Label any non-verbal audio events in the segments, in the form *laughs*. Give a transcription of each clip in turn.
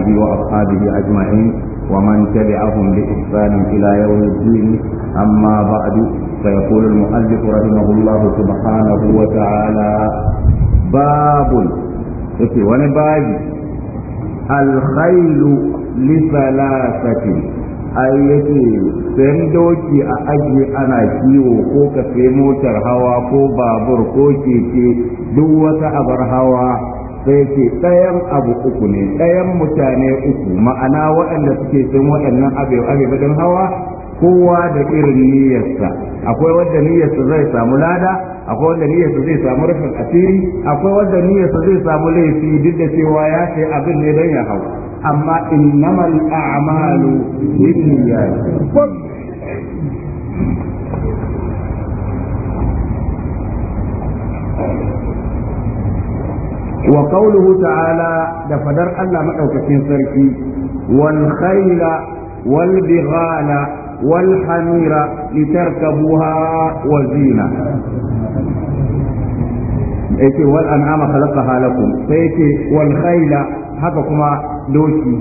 آله وأصحابه أجمعين ومن تبعهم بإحسان إلى يوم الدين أما بعد فيقول المؤلف رحمه الله سبحانه وتعالى باب إيه ونباج الخيل لثلاثة ai yake sayan doki a aji ana kiwo ko ka sai motar hawa ko babur ko keke duk wata abar hawa sai ce ɗayan abu uku ne ɗayan mutane uku ma'ana waɗanda suke cin waɗannan abubuwan hawa kowa da irin niyyarsa akwai wanda niyyarsa zai samu lada akwai wanda niyyarsa zai samu rufin asiri akwai wanda niyyarsa zai samu laifi duk da cewa ya ce abin ne don ya hau amma innamal a'malu binniyat wa qawluhu ta'ala da faɗar Allah maɗaukacin sarki wal khayla wal bighala wal hamira litarkabuha wa zina yake wal an'ama khalaqaha lakum sai yake wal khayla haka kuma doki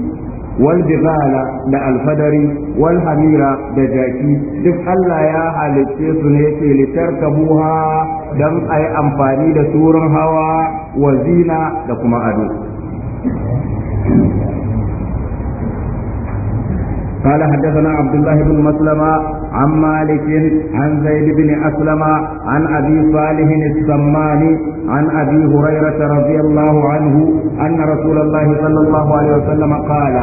wal bighala da alfadari wal Habira da jaki duk Allah ya halicce su ne yake litarkabuha dan ayi amfani da surun hawa wa zina da kuma ado قال حدثنا عبد الله بن An مالك عن زيد بن أسلم عن أبي صالح السمان عن أبي هريرة رضي الله عنه أن رسول الله صلى الله عليه وسلم قال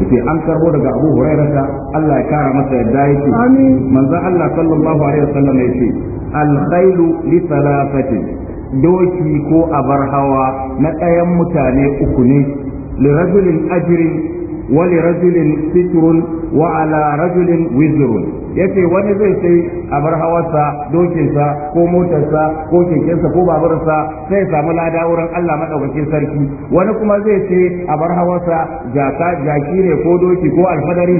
an karbo daga Abu Hurairata Allah ya kara masa yadda yake manzon Allah sallallahu alaihi wasallam yace al-khailu li thalathatin doki ko a bar hawa na ɗayan mutane uku ne li rajulin ajrin ولرجل ستر وعلى رجل وزر yace wani zai sai bar hawarsa dokinsa ko motarsa ko kekensa ko babursa sai samu lada wurin Allah madaukakin sarki wani kuma zai sai bar hawarsa jaka jaki ne ko doki ko alfadari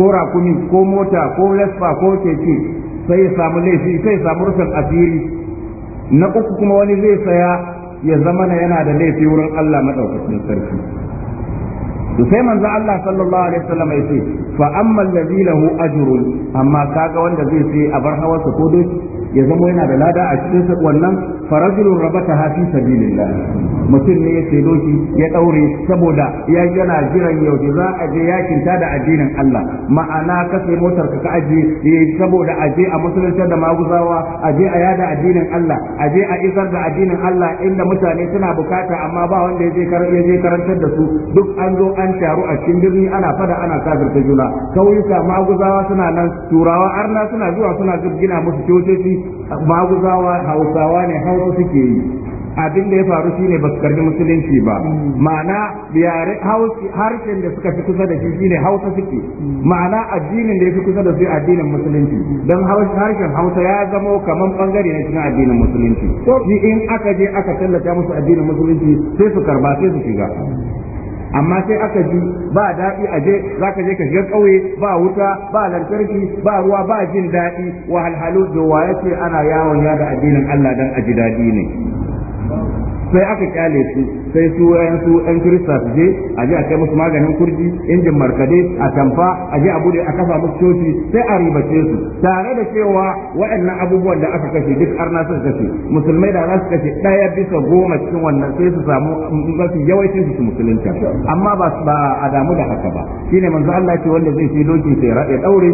ko rakumi ko mota ko lesfa ko keke sai samu laifi sai samu rufin asiri na uku kuma wani zai saya ya zama yana da laifi wurin Allah madaukakin sarki sai manzo Allah sallallahu alaihi wasallam yace fa amma allazi lahu ajrun amma kaga wanda zai sai a bar hawarsa ko dai ya zama yana da lada a cikin wannan farajulun rabata hafi sabilillah mutum ne ya sayo shi ya daure saboda ya yana jiran yaushe za a je yakin da addinin Allah ma'ana ka sai motar ka ka aje eh, saboda a je a musulunci da maguzawa a je a yada addinin Allah a a isar da addinin Allah inda mutane suna bukata amma ba wanda ya je ya je karantar da su duk an zo an taru a cikin birni ana fada ana ta juna kauyuka maguzawa suna nan turawa arna suna zuwa suna gina musu cococi maguzawa hausawa ne hausa suke yi abin da ya faru shine ba su karbi musulunci ba ma'ana yare harshen da suka fi kusa da shi shine hausa suke ma'ana addinin da ya fi kusa da su addinin musulunci don harshen hausa ya zama kamar bangare na cikin addinin musulunci shi in aka je aka tallata musu addinin musulunci sai su karba sai su shiga amma sai aka ji ba daɗi a je za ka je ka shiga ƙauye ba wuta ba lantarki ba ruwa ba jin daɗi wahalhalu da wa ce ana yawon yada addinin Allah dan a ji daɗi ne sai aka kyale su sai su yan su yan kirista su je a je a kai musu maganin kurji injin markade a tamfa a je a bude a kafa musu coci sai a ribace su tare da cewa waɗannan abubuwan da aka kashe duk arna suka kashe musulmai da za su kashe ɗaya bisa goma cikin wannan sai su samu mm, mafi yawancin su musulunta amma ba a damu da haka ba shine manzo Allah ce wanda zai fi doki sai ya daure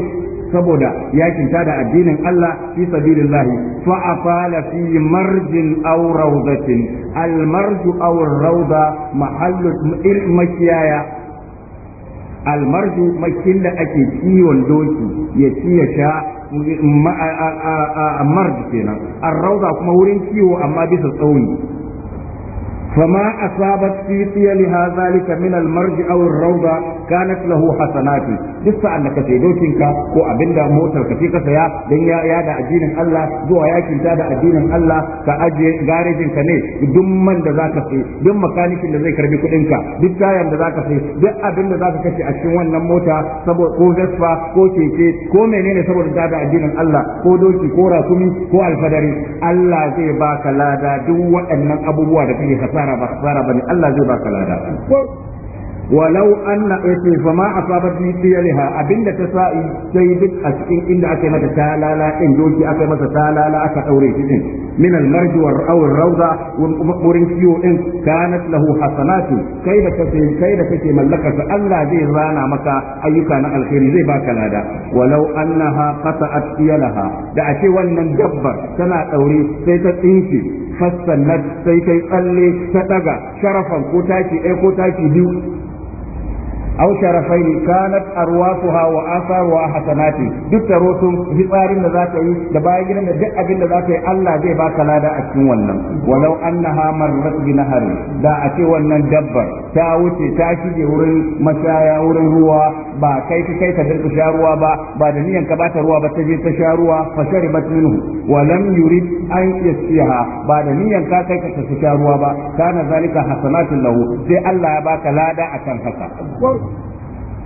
saboda yakin tada addinin Allah fi sabilillah fa afala fi marjin aw rawdatin al marju aw rawda mahallu makiyaya al marju makin da ake kiwon doki ya ci ya sha marj kenan ar rawda kuma wurin kiwo amma bisa tsauni فما أصابت في طيلها ذلك من المرج أو الروضة كانت له حسنات لسا أنك سيدوتنك كو أبندا موتر كتيك سيا دنيا يا دا أدين الله دو ياكين دا أدين الله كأجي غارجين كني دم من دا ذاك سي دم مكانك دا ذاك ربي كدنك دي تايا دا ذاك سي دي أبن دا ذاك كتي أشوان نموتا سبو كو زفا كو تيكي كو منين سبو دا دا أدين الله كو دوشي كو راكمي كو الفدري الله زي باك لا دا دو وأنن أبوه دا فيه حسنات rabar fara bane Allah zai baka walau anna yace fa ma asabat ni tiyaliha abinda ta sa'i sai duk a cikin inda aka mata talala in doki aka masa talala aka daure shi din min al marj wa aw al rawda wa maqburin kiyo din kai da kake kai da Allah zai rana maka ayyuka na alkhairi zai baka lada walau annaha qata'at tiyalaha da a ce wannan dabbar tana daure sai ta tsinke fassannat sai kai tsalle ta daga sharafan ko taki ɗaya ko taki biyu aw sharafaini kanat arwafuha wa atharuha hasanati duk tarotun fitsarin da zaka yi da bayan gidan da duk abin da zaka yi Allah zai baka lada a cikin wannan walau annaha marrat bi nahari da a ce wannan dabbar ta wuce ta shige wurin mashaya wurin ruwa ba kai ka kai ta dinka ruwa ba ba da niyan ka bata ruwa ba ta je ta sha ruwa fa sharibat minhu wa lam yurid an ba da niyan ka kai ka ta sha ruwa ba kana zalika hasanatul lahu sai Allah ya baka lada a kan haka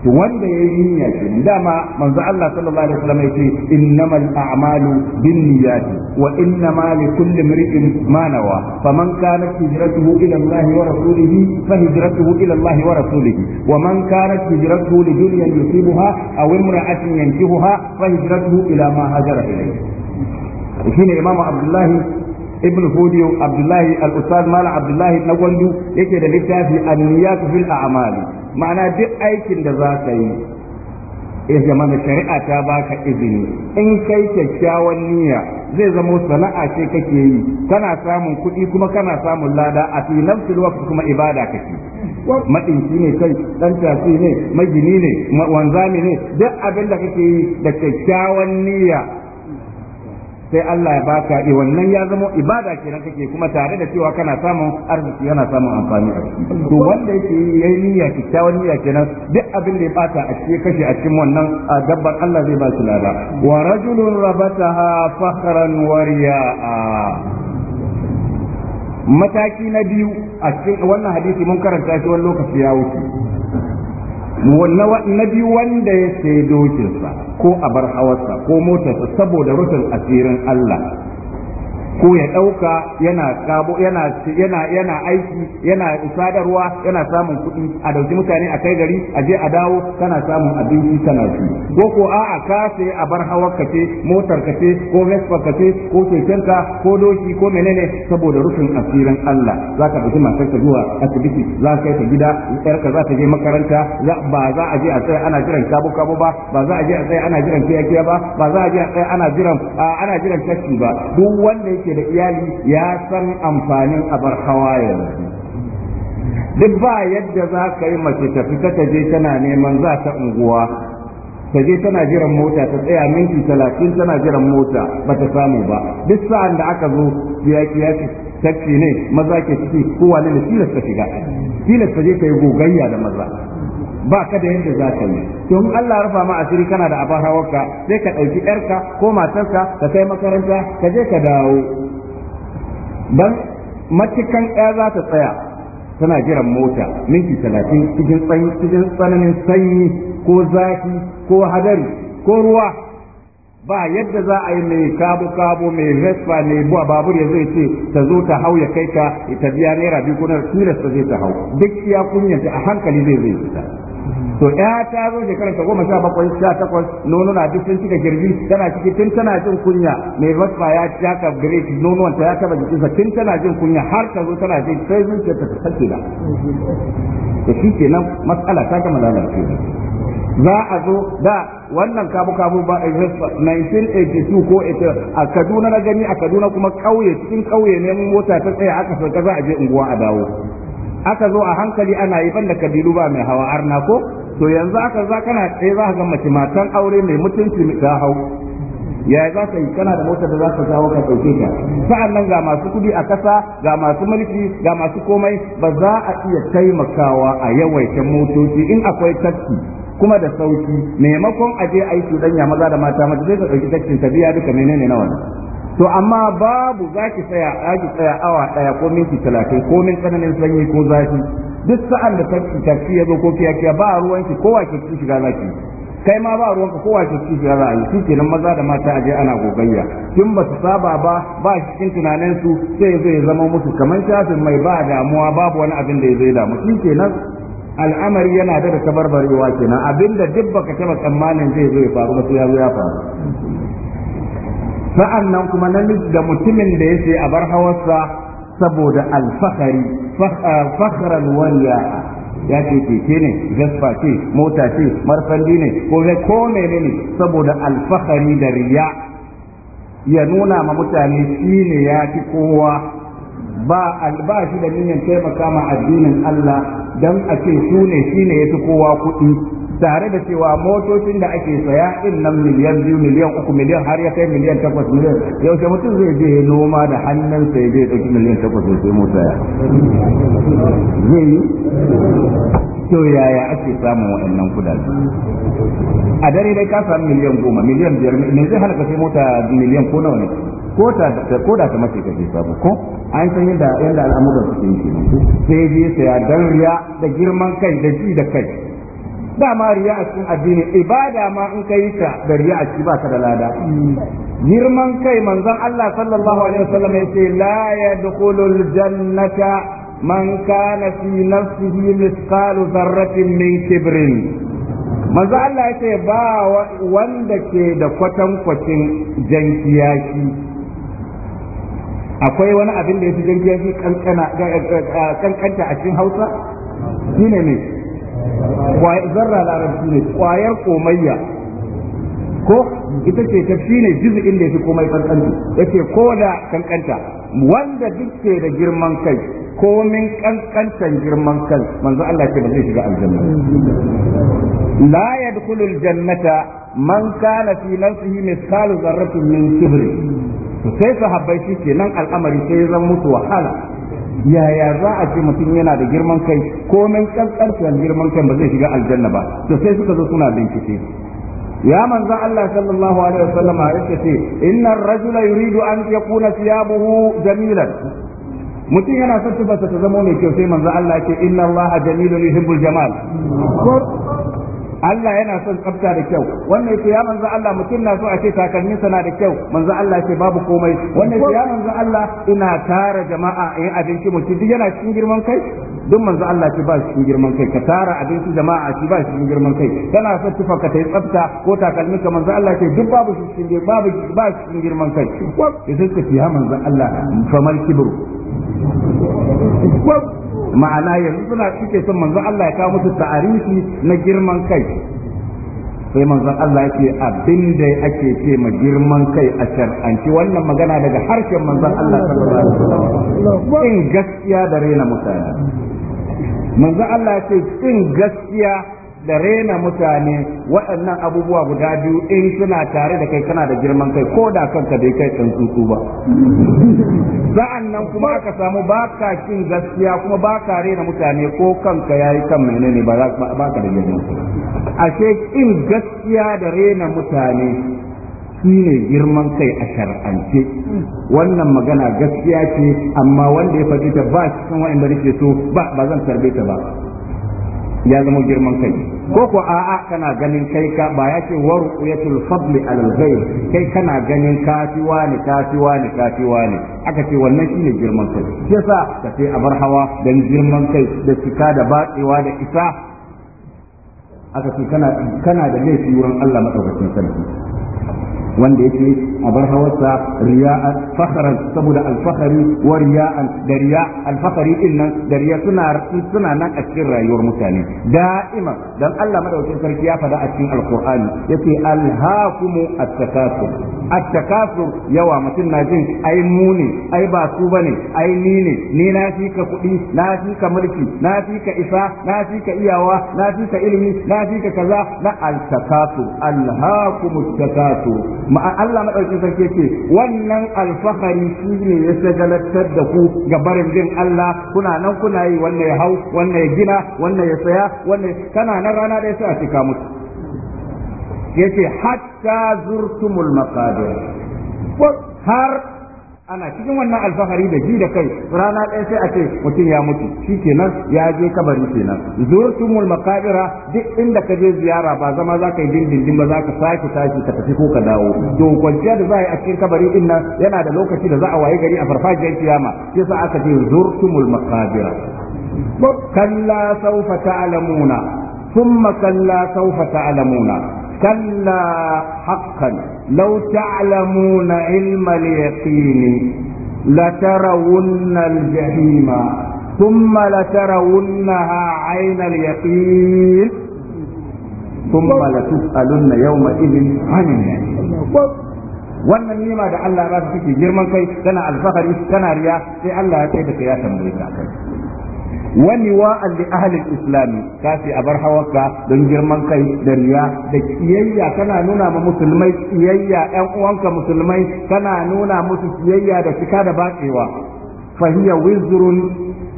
wanda ya yi niyya kenan dama manzo Allah sallallahu alaihi wasallam yace innamal a'malu binniyati wa innama likulli imrin ma nawa faman kanat hijratuhu ila Allah wa rasulihi fa hijratuhu ila Allah wa rasulihi wa man kanat hijratuhu li dunyan yusibuha aw imra'atin yankihuha fa hijratuhu ila ma hajara ilayhi shine imamu abdullahi ibn hudiyo abdullahi al-ustad mala abdullahi na gwandu yake da littafi an-niyatu fil a'mali ma'ana duk aikin da za ka yi ya zama shari'a ta baka izini in kai kyakkyawan niyya zai zama sana'a ce kake yi kana samun kuɗi kuma kana samun lada a fi nafsul waqt kuma ibada kake madinki ne kai dan tafi ne magini ne wanzami ne duk abin da kake yi da kyakkyawan niyya sai Allah ya baka i wannan ya zama ibada kenan kake kuma tare da cewa kana samun arziki yana samun amfani a ciki to wanda yake yayi niyya kikkiawar niyya kenan duk abin da ya bata a cikin kashe a cikin wannan dabbar Allah zai ba su lada wa rajulun rabataha fakhran wa mataki na biyu a cikin wannan hadisi mun karanta shi wani lokaci ya wuce na biyu wanda ya sai dokinsa ko a bar hawarsa ko motarsa saboda rufin asirin Allah ko ya ɗauka yana kabo yana yana yana aiki yana sadarwa yana samun kuɗi a dauki mutane a kai gari a je a dawo kana samun abinci kana ci ko ko a'a ka sai a bar hawar ka ce motar ka ko vespa ka ko keken ka ko doki ko menene saboda rufin asirin Allah za ka ɗauki matar ka zuwa asibiti za ka kai ta gida yar ka za ta je makaranta ba za a je a tsaya ana jiran kabo kabo ba ba za a je a tsaya ana jiran kiyakiya ba ba za a je a tsaya ana jiran ana jiran ba duk wanda yake yake da iyali ya san amfanin abar hawa yanzu duk ba yadda za ka yi mace ta fita ta je tana neman za ta unguwa ta je tana jiran mota ta tsaya minti talatin tana jiran mota ba ta samu ba duk sa'an da aka zo ya yaki taxi ne maza ke ciki kowa ne da tilasta shiga tilasta je ta yi gogayya da maza ba ka da yadda za ka yi don Allah rufa ma asiri kana da abin hawarka sai ka ɗauki ƴarka ko matarka ka kai makaranta ka je ka dawo dan matukan ɗaya za ta tsaya tana jiran mota minti talatin cikin tsananin sanyi ko zafi ko hadari ko ruwa ba yadda za a yi mai kabo kabo mai vespa ne buwa babur ya zai ce ta zo ta hau ya kai ka ita biya naira biyu ko naira tilasta zai ta hau duk iya kunyanta a hankali zai zai fita to ya ta zo shekarar ta goma sha bakwai sha takwas nono na duk sun cika girbi tana ciki tun tana jin kunya mai rasma ya taka gare nonuwan ta ya taba jikinsa tun tana jin kunya har ta zo tana jin sai zuciya ta sake da Da shi nan matsala ta gama lalacewa za a zo da wannan kabu kabu ba eh, a 1982 ko a Kaduna na gani a Kaduna kuma kauye cikin kauye ne mota ta tsaya aka sauka za a je unguwa a dawo aka zo a hankali ana yi banda kabilu ba mai hawa arna ko to yanzu aka za kana tsaye za ga mace matan aure mai mutunci ta hau ya za ka yi kana da motar da za ka kawo ka ɗauke ta sa'an nan ga masu kudi a ƙasa ga masu mulki ga masu komai ba za a iya taimakawa a yawaita motoci in akwai taksi kuma da sauki maimakon a je a yi maza da mata mace sai ka ɗauki taksin ta biya duka menene nawa wannan to amma babu zaki tsaya zaki tsaya awa daya ko minti 30 ko min tsananin sanyi ko zafi duk sa'an da tafi ya zo ko kiyakiya ba ki kowa ke ci shiga zaki kai ma ba ruwanka kowa ke ci shiga zaki yi kenan maza da mata aje ana gogayya tun ba su saba ba ba cikin tunanin su sai zai zama musu kamar shafin mai ba damuwa babu wani abin da ya zai damu shi kenan al'amari yana da tabarbarewa kenan abinda duk baka taba tsammanin zai zo ya faru ba sai ya zo ya faru Sa'an nan kuma namiji da mutumin da yake a bar hawarsa saboda alfahari ah, fakhran wariya ya ce keke ne gaspa ce mota ce marfandi ne ko ko ne saboda alfahari da riya ya nuna ma mutane shi ne ya fi kowa ba albashi da niyyar taimaka ma addinin Allah dan a ce su ne shi ne ya fi kowa kuɗi tare da cewa motocin da ake saya in nan miliyan biyu miliyan uku miliyan har ya kai miliyan takwas miliyan yaushe mutum zai je noma da hannun sai zai ɗauki miliyan takwas ya sai mota ya zai yi to yaya ake samun waɗannan kudaje a dare dai ka samu miliyan goma miliyan biyar me zai halaka sai mota miliyan ko nawa ne ko ko da ta mace kake samu ko an san yadda yadda al'amuran suke yi sai je saya don riya da girman kai da ji da kai ba ma riya a cikin addini ibada ma in kai ta da riya a ciki ba ka da lada girman kai manzon Allah sallallahu alaihi wasallam ce la yadkhulul aljannata man kana fi nafsihi mithqalu dharratin min kibrin manzo Allah ce ba wanda ke da kwatan kwacin jankiyaki akwai wani abin da ya fi jirgin kankanta a cikin hausa shine ne zarra larabci ne kwayar komayya ko ita ce ta jizu juz'in da fi komai kankanta ce ko da kankanta wanda dukke da girman kai komin kankantan girman kai manzo Allah ce ba zai shiga aljanna la yadkhulu aljannata man kana fi nafsihi mithqalu dharratin min kibri to sai sahabbai nan al'amari sai ya zama mutu wahala yaya za a ce mutum yana da girman kai ko komai kankan girman kai ba zai shiga aljanna ba to sai suka zo suna bincike ya manzo Allah sallallahu alaihi wasallam ya ce innar rajula yuridu an yakuna thiyabuhu jamilan mutum yana son ta zama mai kyau sai manzo Allah ke inna Allah jamilun yuhibbul jamal Allah yana son tsafta da kyau wannan yace ya manzo Allah mutum na so a ce takalmin sana da kyau manzo Allah yace babu komai wannan yace ya manzo Allah ina tara jama'a a yin abinci mutum duk yana cikin girman kai duk manzo Allah yace ba cikin girman kai ka tara abinci jama'a shi ba cikin girman kai kana son tufa ka tayi tsafta ko takalmin ka manzo Allah yace duk babu cikin babu ba cikin girman kai ko ka ya manzo Allah famal kibru ma'ana yanzu suna suke son manzon Allah ya kawo musu ta'arifi na girman kai sai manzon Allah ya ce abin da ake ce ma girman kai a shar'anci wannan magana daga harshen manzon Allah sallallahu alaihi wasallam in gaskiya da rena mutane manzon Allah ya ce in gaskiya da rena mutane waɗannan abubuwa guda biyu in suna tare da kai kana da girman kai ko da kanka bai kai kan tutu ba sa'an nan kuma aka samu baka kin gaskiya kuma baka rena mutane ko kanka yayi kan menene ba baka da girman kai ashe in gaskiya da rena mutane ne girman kai a shar'ance wannan magana gaskiya ce amma wanda ya faɗi ta ba cikin da nake so ba ba zan tarbe ta ba ya zama girman kai ko ko a'a kana ganin kai ka ba ya ce wa ru'yatul fadli al ghayr kai kana ganin kafiwa ne kafiwa ne kafiwa ne aka ce wannan shine girman kai shi yasa ka ce a bar hawa dan girman kai da cika da batsewa da isa aka ce kana kana da laifi wurin Allah madaukakin sarki wanda yake abar hawarsa riya'a fakharan saboda alfakari wa riya'an da riya alfakari din nan da riya suna suna nan a cikin rayuwar mutane da'ima dan Allah madaukakin sarki ya faɗa a cikin alqur'ani yace alhaakumu at-takathur at-takathur yawa mutum na jin ai mu ne ai ba su bane ai ni ne ni na fi ka kuɗi na fi ka mulki na fi ka isa na fi ka iyawa na fi ka ilimi na fi ka kaza na al-takathur alhaakumu at-takathur ma Allah madaukakin madaukakin sarki ce wannan alfahari shi ne ya sagalatar da ku ga barin bin Allah kuna nan kuna yi wannan ya hau wannan ya gina wannan ya saya wannan kana nan rana da sai a cika mutu yace hatta zurtumul maqabir har ana cikin wannan alfahari da ji da kai rana ɗaya sai a ce mutum ya mutu shi kenan ya je kabari kenan zurtumul makabira duk inda ka je ziyara ba zama za ka yi dindindin ba za ka sake tashi ka tafi ko ka dawo to kwanciya da za a yi a cikin kabari din nan yana da lokaci da za a waye gari a farfajiyar kiyama sai sa aka ce zurtumul makabira kalla saufa ta'lamuna ثم كلا سوف تعلمون كلا حقا لو تعلمون علم اليقين لترون الجحيم ثم لترونها عين اليقين ثم لتسألن يومئذ عن النعيم wannan nima da Allah ba su suke girman kai tana alfahari tana riya sai Allah ya kai da ya tambaye ka kai wani wa'an da ahalin islami ka ce a bar don girman kai da riya da kiyayya kana nuna ma musulmai kiyayya yan uwanka musulmai kana nuna musu kiyayya da cika da batsewa hiya wizrun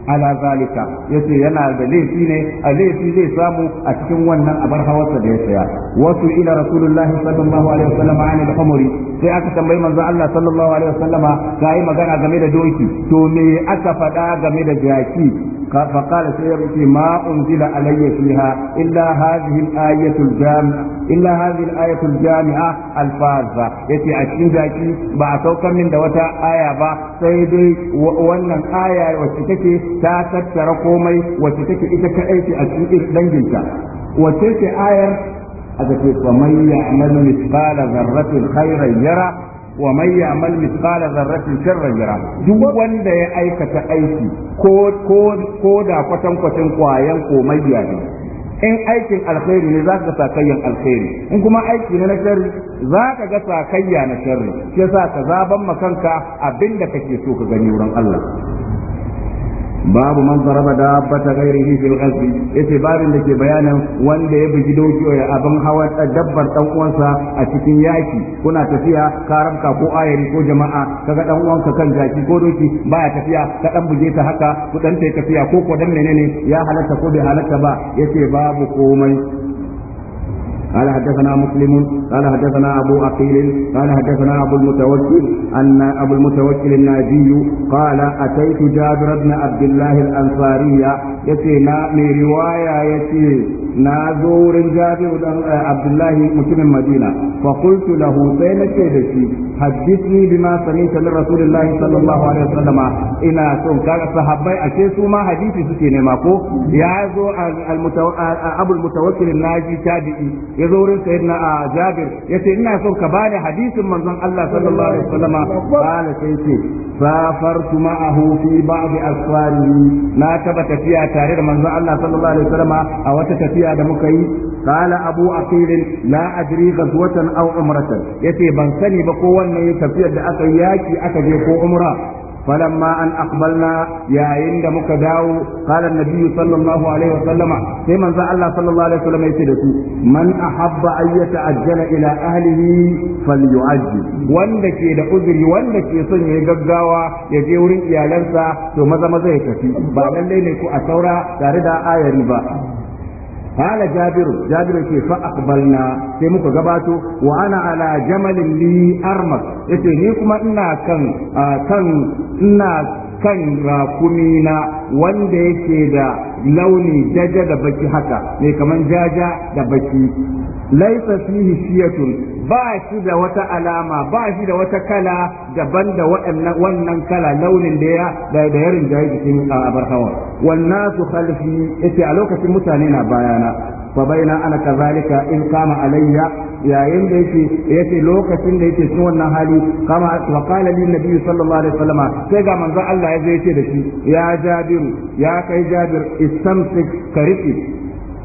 ala zalika yace yana da laifi ne a laifi zai samu a cikin wannan abar hawarsa da ya saya wasu ila rasulullahi sallallahu alaihi wasallam an al-humri sai aka tambayi manzo Allah sallallahu alaihi wasallama ga yi magana game da doki to me aka faɗa game da jaki فقال سيرتي ما أنزل علي فيها إلا هذه الآية الجامعة إلا هذه الآية الجامعة الفاظة يتي أشين ذاكي بعثوك من دوتا آية با سيدي وأن آية وشتكي تاتت ترقومي وشتكي إتكأيتي أشين إتلنجلتا وشتكي آية أتكي ومن يعمل مثقال ذرة خيرا يرى wa ya ya'mal mithqala dharratin sharran jira duk wanda ya aikata aiki ko ko ko da kwatan kwayan komayya ne in aikin alkhairi ne za ka ga sakayyan alkhairi in kuma aiki ne na sharri za ka ga sakayya na sharri shi sa ka zaban makanka abinda kake so ka gani wurin Allah babu man zaraba dabbata ghairihi fil ghazbi yace babin da ke bayanin wanda ya bugi doki ya abin hawa dabbar dan uwansa a cikin yaki kuna tafiya ka rabka ko ayari ko jama'a kaga dan uwanka kan jaki ko doki baya tafiya ka dan buge ta haka ku dan tafiya ko ko dan menene ya halatta ko bai halatta ba yace babu komai قال حدثنا مسلم قال حدثنا أبو عقيل قال حدثنا أبو المتوكل أن أبو المتوكل الناجي قال أتيت جابر بن عبد الله الأنصاري يتي من رواية يتي نازور جابر بن عبد الله مسلم المدينة فقلت له بين كيدتي حدثني بما سمعت من رسول الله صلى الله عليه وسلم إن سن كان صحابي أشيسوا ما حديثي سكيني ماكو يا أبو المتوكل الناجي تابعي ya zo wurin sayyidina a Jabir ce ina son ka bani hadisin manzon Allah sallallahu alaihi wasallama qala sai ce safartu ma'ahu fi ba'd asfari na taba tafiya tare da manzon Allah sallallahu alaihi wasallama a wata tafiya da muka yi قال أبو أقيل لا أدري غزوة أو عمرة يتي بنسني بقوة أن يتفيد أكياكي أكدي أمرا فلما أن أقبلنا يا عند مكداو قال النبي صلى الله عليه وسلم كما زال الله صلى الله عليه وسلم يسدسو من أحب أن يتعجل إلى أهله فليعجل وانك ke أذر وانك يصنع ke son ya gaggawa ya je wurin بعد الليل maza أثورا تاردا آية ربا qala Jabiru Jabiru ke fa aqbalna sai muka gabato wa ana ala jamalin li armak yace ni kuma ina kan kan ina kan rakumi na wanda yake da launi jaja da baki haka ne kamar jaja da baki laisa fihi shiyatun ba shi da wata alama ba shi da wata kala daban da wannan kala launin da ya da ya da jikin abar hawa wannan su khalfi yace a lokacin mutane na bayana fa baina ana kazalika in kama alayya yayin da yake yake lokacin da yake cikin wannan hali kama wa qala lin nabi sallallahu alaihi wasallam sai ga manzo Allah ya zo yace da shi ya Jabir ya kai Jabir istamsik kariki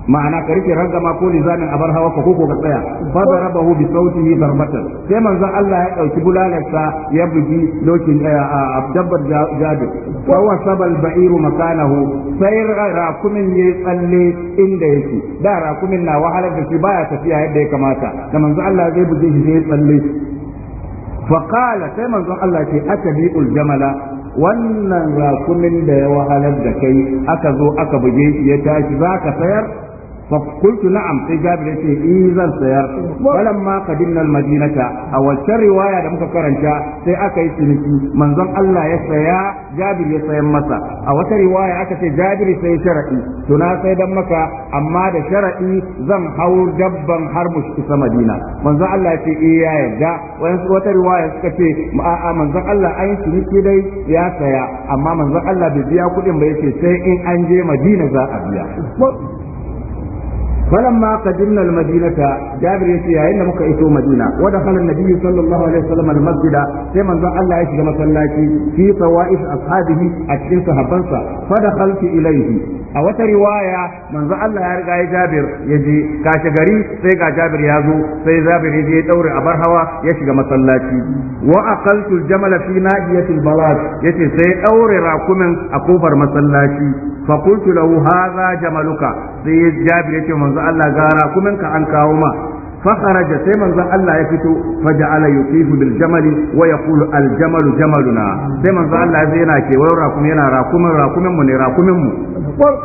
ma'ana ka rike ragama ko lizamin abar hawa ka koko ka tsaya fa hu bi ni darbatan sai manzon Allah ya dauki bulalarsa ya bugi dokin eh, a dabbar jadu wa wasaba al-ba'ir makanahu sai rakumin ya tsalle inda yake da rakumin na wahalar da shi baya tafiya yadda ya kamata da manzon Allah zai buge shi ya tsalle فقال سيما الله كي أتبيع الجمل wannan rakumin da ya wahalar da kai aka zo aka buge ya tashi za ka sayar فقلت نعم sai Jabir yace eh zan sayar falamma qadimna madinata. a waccan riwaya da muka karanta sai aka yi ciniki manzon Allah ya saya Jabir ya sayan masa a wata riwaya aka ce Jabir sai sharadi to na sai dan maka amma da sharadi zan hau dabban har mu isa Madina manzon Allah ya ce eh ya yarda wata riwaya suka ce a'a manzon Allah an yi dai ya saya amma manzon Allah bai biya kuɗin ba yace sai in an je Madina za a biya فلما قدمنا المدينة جابر يسيا إن مكة إتو مدينة ودخل النبي صلى الله عليه وسلم المسجد كما ذا الله يشجع مسلاكي في طوائف أصحابه أكثر صحبانسا فدخلت إليه أو رواية من ذا الله يرجع جابر يجي كاشغري سيقى جابر يازو سي جابر يجي دور أبر هوا يشجع مسلاكي وأقلت الجمل في ناحية البلاد يجي سي دور راكم أكوفر مسلاكي فقلت له هذا جملك سي جابر يجي من manzo Allah gara kuma ka an kawo ma fa kharaja sai manzo Allah ya fito fa ja'ala yuqifu bil jamali wa yaqulu al jamalu jamaluna sai manzo Allah zai yana kewayar rakum yana rakumin rakumin mu ne rakumin mu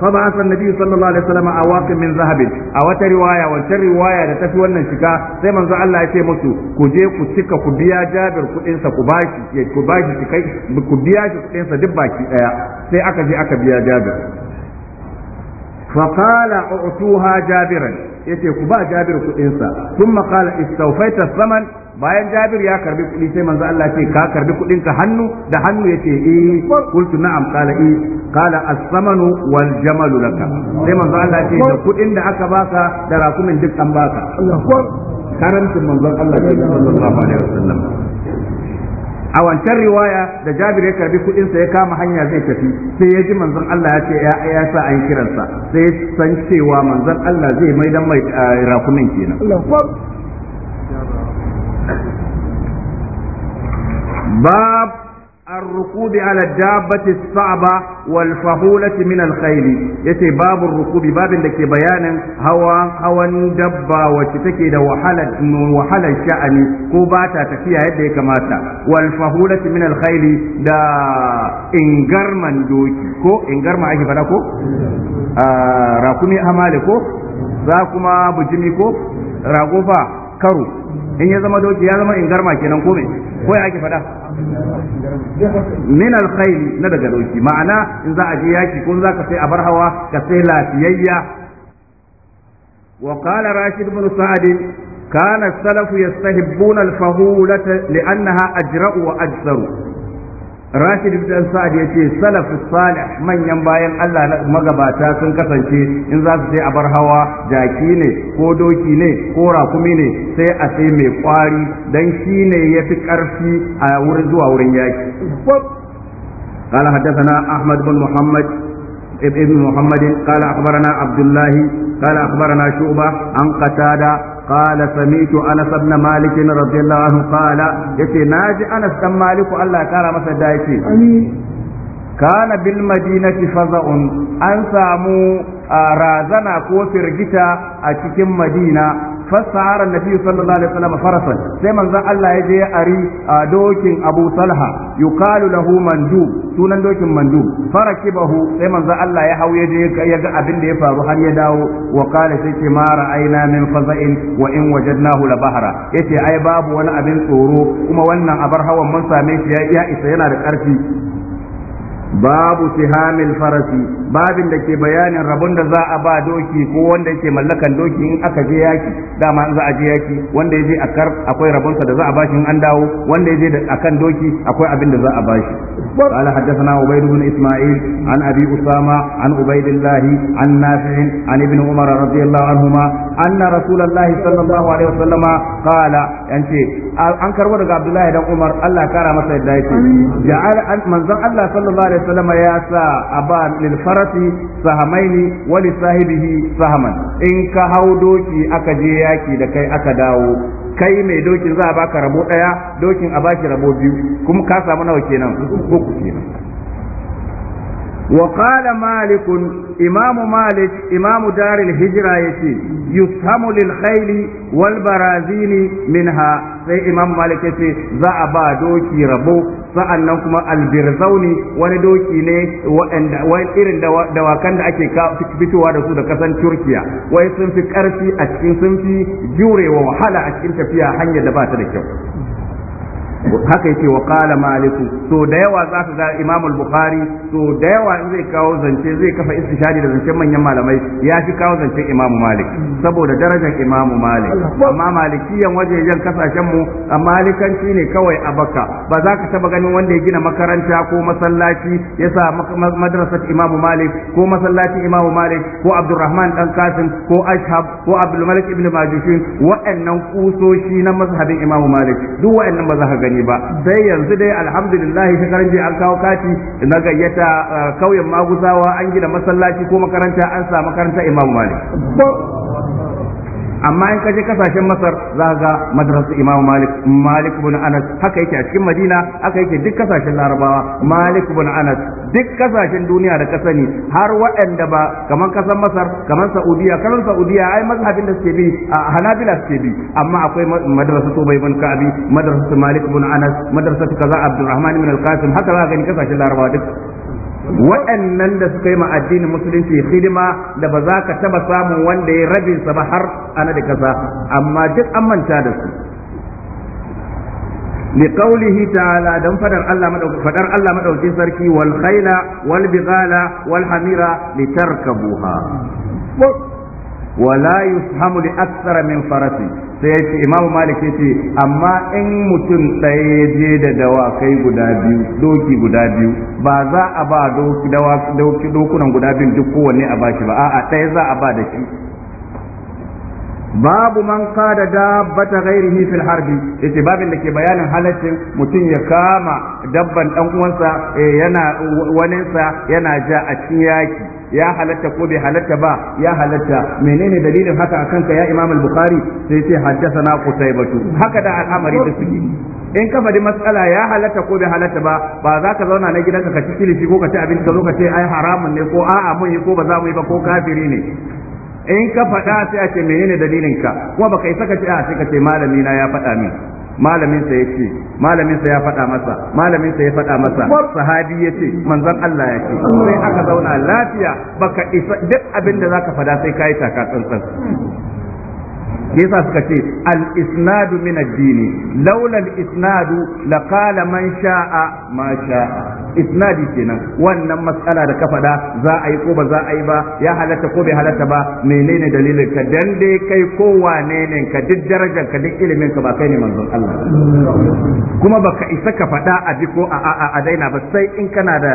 fa ba san nabi sallallahu alaihi wasallam awaqin min zahabin a wata riwaya wata riwaya da tafi wannan shika sai manzo Allah ya ce musu ku je ku cika ku biya Jabir kudin sa ku bashi ku bashi ku biya shi kudin sa duk baki daya sai aka je aka biya Jabir فقال اعطوها جابرا yace ku ba Jabir kuɗin sa thumma qala istawfaita saman bayan Jabir ya karbi kuɗi sai manzo Allah ce ka karbi kuɗin ka hannu da hannu yace eh qultu na'am qala eh qala as-samanu wal jamalu laka sai manzo Allah ce da kuɗin da aka baka da rakumin duk an baka karantin manzon Allah sallallahu alaihi wasallam a wancan riwaya da Jabir ya karbi kudin sa ya kama hanya zai tafi sai ya ji manzon Allah ya ce ya ya sa an kiransa sai san cewa manzon Allah zai mai dan mai rakumin kenan bab الركوب على الدابة الصعبة والفهولة من الخيل يتي باب الركوب باب لك بيانا هوا هوا دبا وتتكي دا وحالة وحالة الشأن كوباتا تكيا يدي كماتا والفهولة من الخيل دا انجرمن دوكي كو انجرم عيش بدا كو آه راكمي أمالي كو راكما بجمي كو راغوفا كرو in ya zama doki ya zama ingarma kenan ko me ko ya ake faɗa min alkhayl na daga doki ma'ana in za a je yaki ko za ka sai a bar hawa ka sai lafiyayya wa qala rashid ibn sa'd kana as-salaf yastahibbuna al-fahulata li'annaha ajra'u wa ajsaru Rashid bin Sa'ad ya ce, salafu salih manyan bayan Allah magabata sun kasance in za su sai a bar hawa jaki ne ko doki ne ko rakumi ne sai a sai mai kwari dan shine yafi karfi a wurin zuwa wurin yaki قال حدثنا أحمد بن محمد ابن محمد قال أخبرنا عبد الله قال أخبرنا شعبة عن قتادة قال سميت انس بن مالك رضي الله عنه قال يتي ناجي انس بن مالك الله كرم مسا دايتي كان bil فزع faza'un an رازنا razana ko firgita a cikin madina fasahara nabi sallallahu alaihi wasallam farasan sai manzon Allah ya je ari a dokin Abu Talha yuqalu lahu mandub sunan dokin mandub farakibahu sai manzon Allah ya hau ya je ya ga abin da ya faru har ya dawo wa qala mara aina min faza'in wa'in wajen wajadnahu la ya ce ai babu wani abin tsoro kuma wannan a bar hawan mun same shi ya isa yana da ƙarfi. babu sihamil farasi babin da ke bayanin rabon da za a ba doki ko wanda yake mallakan doki in aka je yaki dama in za a je yaki wanda ya je a kar akwai rabonsa da za a shi in an dawo wanda ya je akan doki akwai abin da za a bashi قال حدثنا عبيد بن bin isma'il an اسامه usama an الله an نافع an ابن umar رضي الله عنهما ان رسول الله صلى الله عليه وسلم قال انت an karbo daga Abdullahi dan Umar Allah kara masa yadda yake ja'al manzan Allah sallallahu alaihi alaihi wasallam ya sa a ba lil sahamaini wa sahibihi sahaman in ka hau doki aka je yaki da kai aka dawo kai mai dokin za a baka rabo ɗaya dokin a baki rabo biyu kuma ka samu nawa kenan uku kenan وقال مالك إمام مالك إمام دار الهجرة يتي يسهم للخيل والبرازين منها sai imam malik yace za a ba doki rabo sa'annan kuma albirzauni wani doki ne irin dawakan da ake fitowa da su da kasan Turkiya wai sun fi karfi a cikin sun fi jurewa wahala a cikin tafiya hanyar da ba ta da kyau haka yake wa kala malik so da yawa za ka ga imam al-bukhari so da yawa zai kawo zance zai kafa istishadi da zancen manyan malamai ya fi kawo zancen imam malik saboda darajar imam malik amma malikiyan wajejen kasashen mu a malikanci ne kawai a baka ba za ka taba ganin wanda ya gina makaranta ko masallaci ya sa madrasat imam malik ko masallacin imam malik ko abdurrahman dan kasim ko ashab ko abdul malik ibn majushin wa'annan kusoshi na mazhabin imam malik duk wa'annan ba za ka gani gani ba dai yanzu dai alhamdulillah shekaran jiya an kawo kati na gayyata kauyen maguzawa an gina masallaci ko makaranta an sa makaranta imam malik amma in kaje kasashen masar za ga madrasa imam malik malik bin anas haka yake a cikin madina haka yake duk kasashen larabawa malik bin anas duk kasashen duniya da kasani har waɗanda ba kamar kasar masar kamar saudiya kamar saudiya ai mazhabin da suke bi a hanabila suke bi amma akwai madrasa tubay ka ka'bi madrasa malik bin anas madrasa kaza abdurrahman bin al-qasim haka za ga ni kasashen larabawa duk waɗannan da suka yi ma addinin musulunci hidima da ba za ka taba samun wanda ya rabin sa ba har ana da kasa amma duk an manta da su لقوله تعالى دم فدر الله مدوك فدر الله مدوك سركي والخيل والبغال والحمير لتركبوها ولا يفهم لأكثر من فرسي sai ce, imamu malik ce, amma in mutum ɗaya ya je da dawakai guda biyu doki guda biyu ba za a ba doki dokunan guda biyu duk kowanne a bashi ba a'a ɗaya za a ba da shi babu man kada ta gairi fil harbi yace babin da ke bayanin halaccin mutum ya kama dabban dan uwansa eh, yana waninsa yana ja a cikin yaki ya halatta ko bai halatta ba ya halatta menene dalilin haka akan ka ya Imam al-Bukhari sai sai haddathana batu haka da al'amari da suke in ka faɗi matsala ya halatta ko bai halatta ba ba za ka zauna na gidanka ka ci kilishi ko ka ci abinci ka zo ka ce ai haramun ne ko a'a mun yi ko ba za mu yi ba ko kafiri ne in ka faɗa sai a ce menene dalilin ka kuma baka yi saka ce a sai ka ce malami na ya faɗa min malamin sa yace malamin sa ya faɗa masa malamin sa ya faɗa masa sahabi yace manzon Allah yace sai aka zauna lafiya baka isa duk abin da zaka fada sai kai taka tsantsan shi yasa suka ce al-isnadu min ad-dini laula al-isnadu laqala man sha'a ma sha'a isnadi kenan wannan matsala da ka faɗa za a yi ko ba za a yi ba ya halatta ko bai halatta ba menene dalilin ka dan dai kai ko wane ne ka duk darajar ka duk ilimin ka ba kai ne manzon Allah kuma baka isa ka faɗa a bi ko a a a daina ba sai in kana da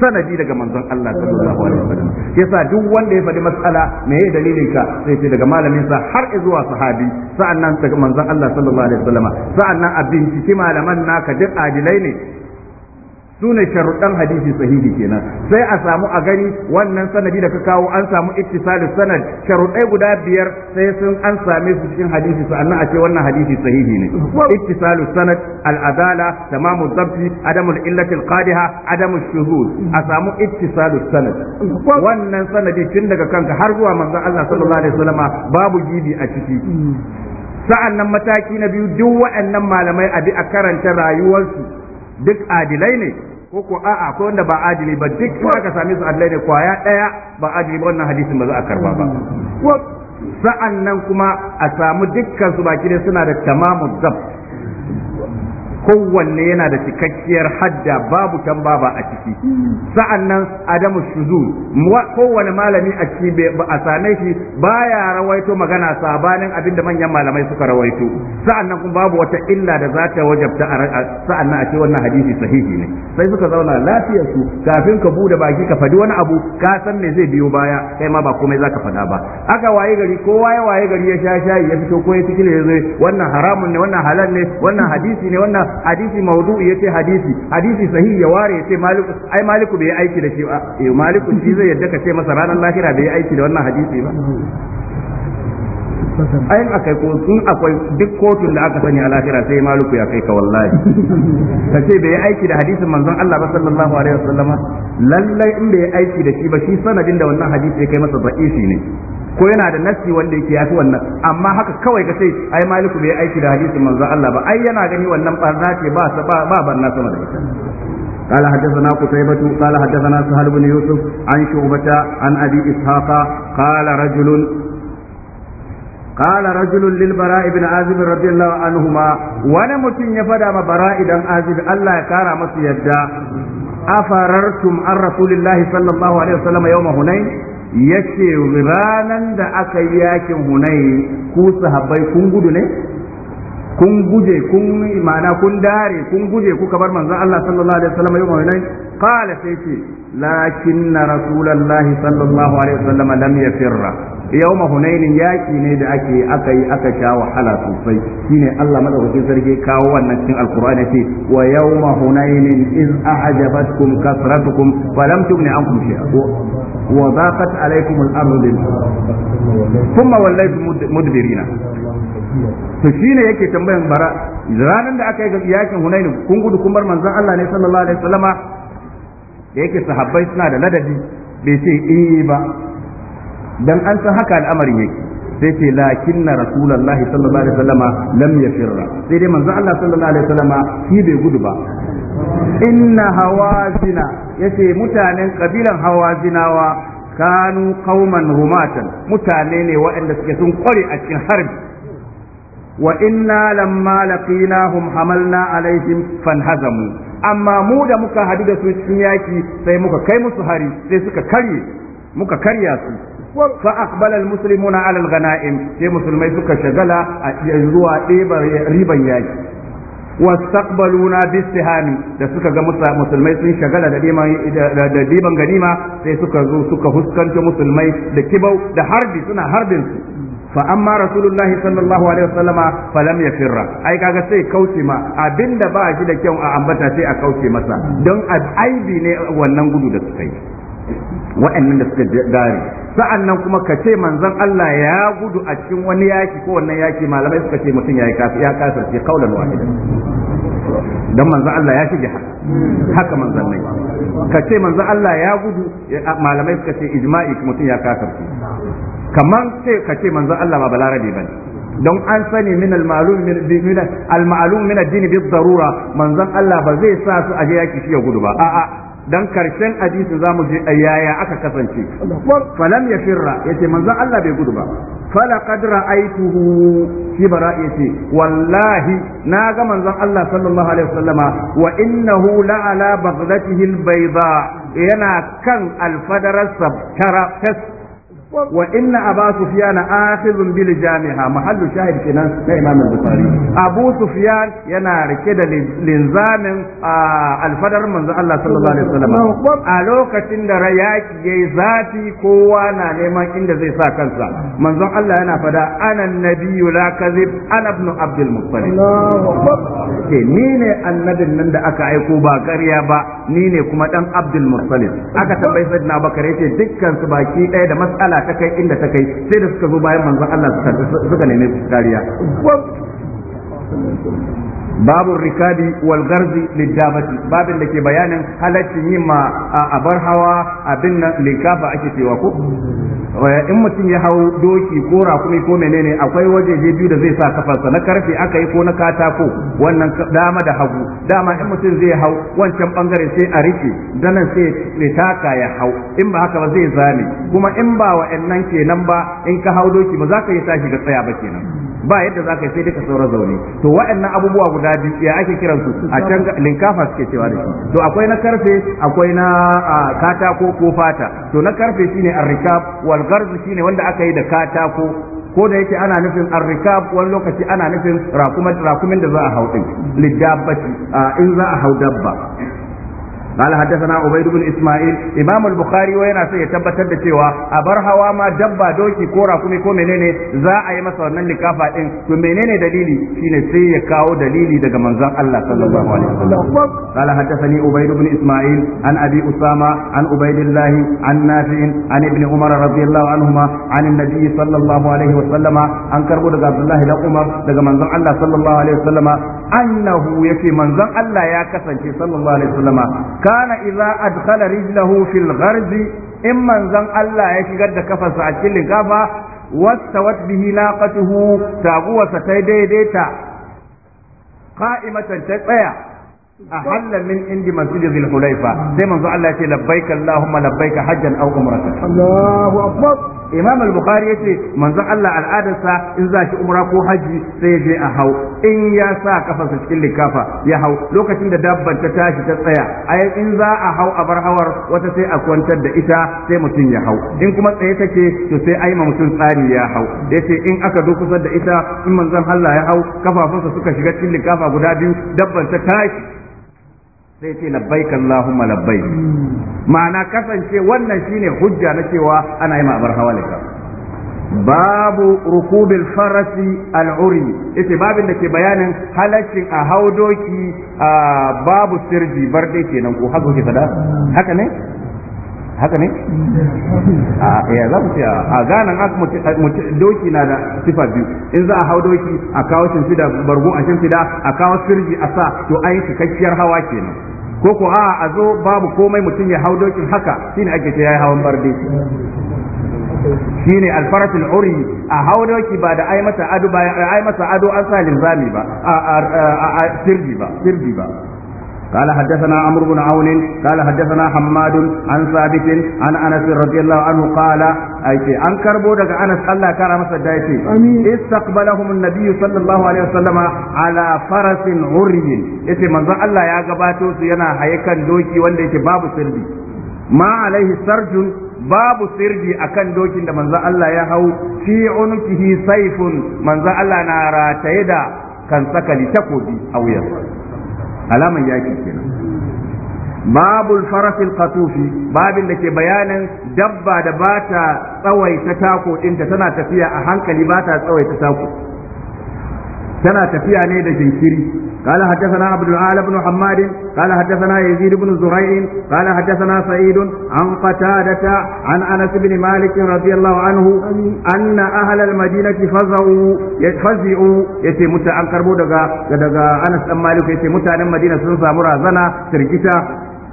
sanadi daga manzon Allah sallallahu alaihi wasallam yasa duk wanda ya faɗi matsala me ya dalilin ka sai ce daga malamin sa har zuwa sahabi sa'annan daga manzon Allah sallallahu alaihi wasallam sa'annan a binciki malaman naka duk adilai ne Su ne sharuɗan hadisi sahihi kenan sai a samu a gani wannan sanadi da ka kawo an samu ittisali sanad sharuɗai guda biyar sai sun an same su cikin hadisi sannan a ce wannan hadisi sahihi ne ittisalu sanad al-adala tamamu Zabti, adamul illati qadiha adamu shuhud a samu ittisalu sanad wannan sanadi tun daga kanka har zuwa manzon Allah sallallahu alaihi wasallama babu gidi a ciki sa'an nan mataki na biyu duk waɗannan malamai a bi a karanta rayuwarsu duk adilai ne ko ko a'a ko wanda ba adili ba duk ko aka same su allai ne kwaya daya ba adili ba wannan hadisin ba za a karba ba ko sa'an kuma a samu dukkan su baki ne suna da tamamu zab kowanne yana da cikakkiyar hadda babu kan baba a ciki sa'annan adamu shuzul kowanne malami a ciki ba a same shi baya rawaito magana sabanin abin da manyan malamai suka rawaito sa'annan kuma babu wata illa da za ta wajabta sa'annan a ce wannan hadisi sahihi ne sai suka zauna lafiyar su kafin ka bude baki ka fadi wani abu ka san me zai biyo baya kai ma ba komai zaka fada ba aka waye gari kowa ya waye gari ya sha shayi ya fito ko ya tikile ya zo wannan haramun ne wannan halal ne wannan hadisi ne wannan hadisi ya ce hadisi hadisi sahihi ya ware ya maliku ai maliku bai aiki da shi ba eh, maliku shi zai yadda ka ce masa ranar lahira bai aiki da wannan hadisi ba ayin akai ko sun akwai duk kotun da aka sani a lahira sai maluku ya kai ka wallahi *laughs* ka ce bai aiki da hadisin manzon Allah ba sallallahu alaihi wasallama lallai in bai aiki da shi ba shi sanadin da wannan hadisi ya kai masa da'ifi ne ko yana da nassi wanda yake yafi wannan amma haka kawai ka sai ai maluku bai aiki da hadisin manzon Allah ba ai yana gani wannan barna ce ba ba barna sama da ita قال حدثنا قتيبة قال حدثنا سهل بن يوسف عن شعبة عن أبي إسحاق قال رجل قال رجل lil bara عازب رضي الله عنهما wani mutum ya fada ma bara idan azib Allah ya kara masa yadda الله an الله عليه وسلم يوم هنين yace ranan da aka yi yakin hunai, ku sahabbai kun gudu ne kun guje kun ma'ana kun dare kun guje kuka bar manzon Allah sallallahu alaihi wasallam yau mai nan qala sai ce lakinna rasulullahi sallallahu alaihi wasallam lam yafirra yau mahunainin yaƙi ne da ake aka yi aka sha wahala sosai shine Allah madaukakin sarki kawo wannan cikin alqur'ani ce wa yawma hunainin iz a'jabatkum kasratukum falam tughni ankum shay'a wa daqat alaykum al-ardu thumma wallaytum mudbirina to shine yake tambayan bara ranar da aka yi yakin hunainin kun gudu kun bar manzon Allah ne sallallahu alaihi wasallama da yake sahabbai suna da ladabi bai ce yi ba dan an san haka al'amarin yake sai ce na rasulallah sallallahu alaihi wasallama lam yafirra sai dai manzo Allah sallallahu alaihi wasallama shi bai gudu ba inna hawazina yace mutanen kabilan hawazinawa kanu qauman humatan mutane ne waɗanda suke sun kware a cikin harbi wa inna lamma laqinahum hamalna alaihim fanhazamu amma mu da muka hadu da su cikin yaki sai muka kai musu hari sai suka karye muka karya su fa aqbala almuslimuna ala alghanaim sai musulmai suka shagala a zuwa ɗeba riban yaki da suka ga musulmai sun shagala da diban ganima sai suka zo suka huskanta musulmai da kibau da harbi suna harbin su fa amma rasulullahi sallallahu alaihi wasallama falam yafirra ai kaga sai kauce ma abinda ba shi da kyau a ambata sai a kauce masa don aibi ne wannan gudu da suka yi wa'annan da suka dare sa'an nan kuma ka ce manzan Allah ya gudu a cikin wani yaki ko wannan yaki malamai suka ce mutum ya yi kafi ya kasar ce kaulan wahida dan manzon Allah ya shige haka manzan nai ka ce manzan Allah ya gudu malamai suka ce ijma'i mutum ya kasar ce kaman ce ka ce manzan Allah ba balarabe ba don an sani min al-ma'lum min al-ma'lum min ad-din bi-darura manzan Allah ba zai sa su aje yaki shi ya gudu ba a'a dan karshen hadisi mu je yaya aka kasance falam ya firra yace manzon Allah bai gudu ba fala qad ra'aituhu shi bara yace wallahi na ga manzon Allah sallallahu alaihi wasallama wa innahu la ala baghdatihi albayda yana kan alfadararsa tarafes. wa inna aba sufyan akhidun bil jamiha mahallu shahid kenan na imam al-bukhari abu sufyan yana rike da linzamin alfadar manzo Allah sallallahu alaihi wasallam a lokacin da rayaki yayi zafi kowa na neman inda zai sa kansa manzo Allah yana fada ana nabiyyu la kadhib ana ibn abdul muttalib ke ni ne annabin nan da aka aiko ba ƙarya ba ni ne kuma dan abdul muttalib aka tambayi sayyidina bakare dukkan su baki ɗaya da matsala ta kai inda ta kai sai da suka zo bayan manzon Allah suka nemi kariya babu rikabi wal garzi lidabati babin da ke bayanin halaccin yin ma a bar hawa abin nan likafa ake cewa ko eh, in mutum ya hau doki ko rakumi ko menene akwai waje-je biyu da zai sa kafarsa na karfe aka yi ko na katako wannan dama da hagu dama in mutum zai hau wancan bangare sai a rike danan sai ya taka ya hau in ba haka ba zai zame kuma in ba wa'annan kenan ba in ka hau doki ba za ka yi tashi ga tsaya ba kenan ba yadda za ka yi sai duka sauran zaune to waɗannan abubuwa guda biyu ya ake kiran su a can linkafa suke cewa da shi to akwai na karfe akwai na katako ko fata to na karfe shine arrikab wal gardu shine wanda aka yi da katako ko da yake ana nufin arrikab wani lokaci ana nufin rakumin da za a hau din liddabati in za a hau dabba قال حدثنا عبيد بن اسماعيل امام البخاري وينا sai ya tabbatar da cewa a bar hawa ma dabba doki ko rakumi ko menene za a yi masa wannan likafa din to menene dalili shine sai ya kawo dalili daga manzon Allah sallallahu alaihi wasallam qala hadathani ubayd ibn isma'il an usama an ubaydillah an nafi' an umar radiyallahu anhuma an nabi sallallahu alaihi an karbo daga abdullah da umar daga manzon Allah sallallahu alaihi wasallam annahu yake manzon Allah ya kasance sallallahu alaihi wasallam kana iza adkhala rijlahu fil gharzi in manzan Allah ya shigar da kafarsa a cikin gafa wastawat bihi naqatuhu taguwa sa tai daidaita qa'imatan ta tsaya a hallal min indi masjid zil hulaifa sai manzo Allah ya ce labbaika allahumma labbaika hajjan aw umrata Allahu akbar imam al-bukhari yace manzon Allah al'adarsa in za shi umra ko haji sai je a hau in ya sa kafarsa cikin likafa ya hau lokacin da dabban ta tashi ta tsaya ai in za a hau a bar hawar wata sai a kwantar da ita sai mutum ya hau in kuma tsaye take to sai ai ma mutum tsari ya hau yace in aka kusa da ita in manzon Allah ya hau kafafunsa suka shiga cikin likafa guda biyu dabban ta tashi zai ce labbaik Allahumma labbaik ma'ana kasance wannan shine hujja na cewa ana yi ma'abar hawalika babu rukubil farasi al'uri yace babin da ke bayanin halaccin a hau doki babu sirji dai kenan ko haka ke fada haka ne haka ne a *laughs* ah, ya za ku ce ah, a ganan eh, doki na da sifa biyu in za a hau doki a kawo shimfida bargo a shimfida a kawo sirji a sa to a yi cikakkiyar hawa kenan ko ko a a zo babu komai mutum ya hau dokin haka shine ake ce yayi hawan barde shine alfaratul uri a hau doki ba da ai mata ado ba ai mata ado an sa linzami ba a sirji ba sirji ba قال حدثنا عمرو بن عون قال حدثنا حماد عن ثابت عن انس رضي الله عنه قال اي ان كربو daga انس الله كان masa dace استقبلهم النبي صلى الله عليه وسلم على فرس عري yace manzon Allah ya gabato su yana hayakan doki wanda yake babu sirri ma alaihi sarjun babu sirji akan dokin da manzon Allah ya hau fi unukihi saifun manzon Allah na rataye da kan sakali takobi a wuyarsa alamar yaki kenan babul farasil qatufi babin da ke bayanin dabba da ba ta tsawaita tako ɗinta tana tafiya a hankali ba ta tsawaita tako tana tafiya ne da jinkiri قال حدثنا عبد العال بن حماد قال حدثنا يزيد بن زريع قال حدثنا سعيد عن قتادة عن أنس بن مالك رضي الله عنه أن أهل المدينة فزعوا فزعوا يتي متى أن كربو دغا دغا أنس بن مالك يتي متى أن المدينة سنسى مرازنا ترجتا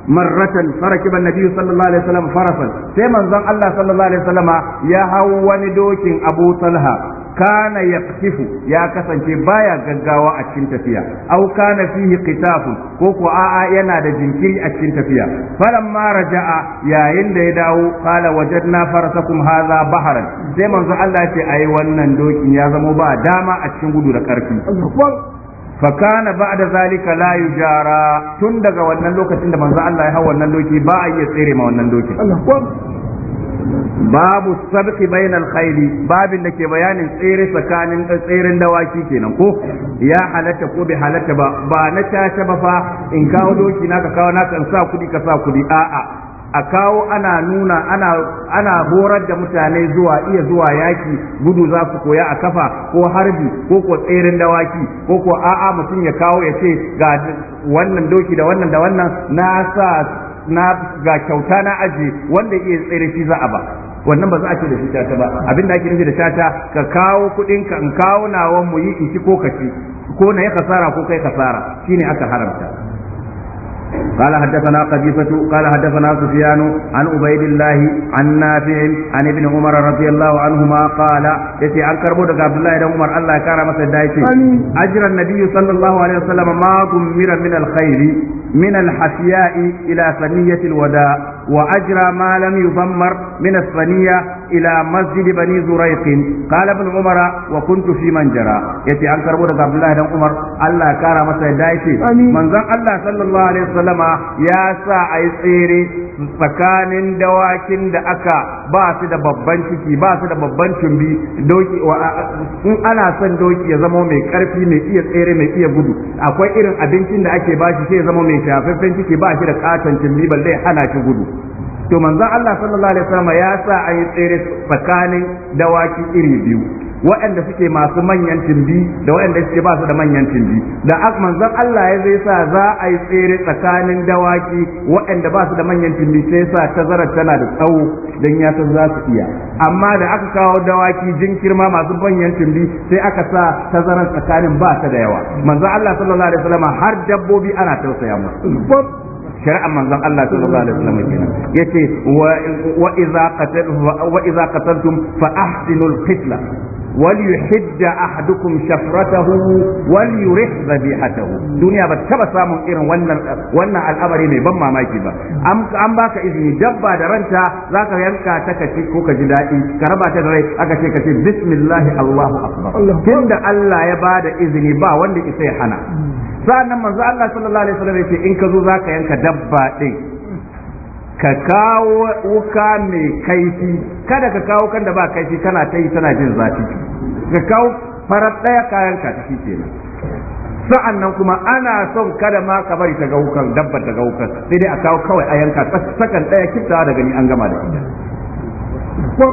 مرة فركب النبي صلى الله عليه وسلم فرسا سيما زن الله صلى الله عليه وسلم يهوى ندوك أبو طلحة kana yaqtifu ya kasance baya gaggawa a cikin tafiya aw kana fihi qitafun ko ko a'a yana da jinkiri a cikin tafiya falamma raja'a yayin da ya dawo qala wajadna farasakum hadha baharan sai manzo Allah ya ce ai wannan dokin ya zama ba dama a cikin gudu da karfi fakana ba da zalika la yujara tun daga wannan lokacin da manzo Allah ya hau wannan doki ba a iya tsere ma wannan doki babu sabqi bainal khayli babin da ke bayanin tsere tsakanin eh, tseren dawaki kenan ko ya halatta ko bai halatta ba ba na caca ba fa in kawo doki na ka kawo na kan sa kudi ka sa kudi a'a a kawo ana nuna ana ana horar da mutane zuwa iya zuwa yaki gudu za su koya a kafa ko harbi ko ko tseren dawaki ko ko a'a mutum ya kawo ya ce ga wannan doki da wannan da wannan na sa na ga kyauta na aji wanda iya tsere shi za a ba wannan ba za a ce da shi ta ba abin da ake nufi da tata ka kawo kuɗin ka in kawo nawan mu yi ishi ko kashi ko na ya kasara ko kai kasara shine aka haramta قال حدثنا قبيصة قال حدثنا سفيان عن عبيد الله عن نافع عن ابن عمر رضي الله عنهما قال يتي عن كربو عبد الله بن عمر الله كرم سدايتي أجر النبي صلى الله عليه وسلم ما ضمر من الخير من الحفياء إلى ثنية الوداع وأجرى ما لم يضمر من الثنية إلى مسجد بني زريق قال ابن عمر وكنت في من جرى يتي أنكر بودك عبد الله بن عمر الله كان مسا دايشي من ذا الله صلى الله عليه وسلم يا sa أي tsere tsakanin dawakin da aka ba su da babban ciki ba su da babban cumbi doki Wa in ana son doki ya zama mai karfi mai iya tsere mai iya gudu akwai irin abincin da ake ba shi sai ya zama mai shafaffen ciki ba shi da katon cumbi balle hana shi gudu to manzon Allah sallallahu alaihi wasallam ya sa a yi tsere tsakanin dawaki iri biyu waɗanda suke masu manyan tindi da waɗanda suke ba su da manyan tindi da manzon Allah ya zai sa za a yi tsere tsakanin dawaki waɗanda ba su da manyan tindi sai sa tazarar tana da tsawo don ya ta za su iya amma da aka kawo dawaki jinkirma masu manyan tindi sai aka sa tazarar tsakanin ba ta da yawa manzon Allah sallallahu alaihi wasallam har dabbobi ana tausaya musu shari'ar manzon Allah sallallahu alaihi wasallam kenan yace wa idza qatal wa idza qataltum fa ahsinul qitla وليحد أحدكم شفرته وليرح ذبيحته دنيا بتبا سامون إيران wannan wannan al'amari mai ban mamaki ba an baka izini dabba da ranta zaka yanka ta kaci ko ka ji daɗi ka raba ta da rai aka ce ka ce bismillah Allahu akbar tunda Allah ya bada izini ba wanda isa ya hana sa'annan manzo Allah sallallahu alaihi wasallam yace in ka zo za ka yanka dabba din ka kawo wuka mai kaifi kada ka kawo kan da ba kaifi kana ta yi tana jin zafi ka kawo farar daya kayan ka ciki kenan sa'annan kuma ana son kada ma ka bari ta ga wukan dabba ta ga wukan sai dai a kawo kawai a yanka sakan ɗaya kitta da gani an gama da ita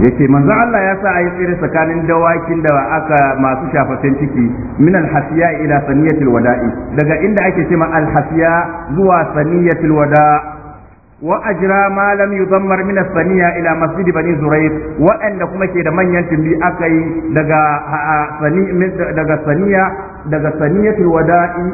yace manzo Allah ya sa a yi tsere tsakanin dawakin da aka masu shafafen ciki min alhasiya ila saniyatil wada'i daga inda ake cewa alhasiya zuwa saniyatil wada wa ajra ma lam yudammar min saniya ila masjid bani Zuraif, wa kuma ke da manyan tumbi aka yi daga saniya daga saniyatul wada'i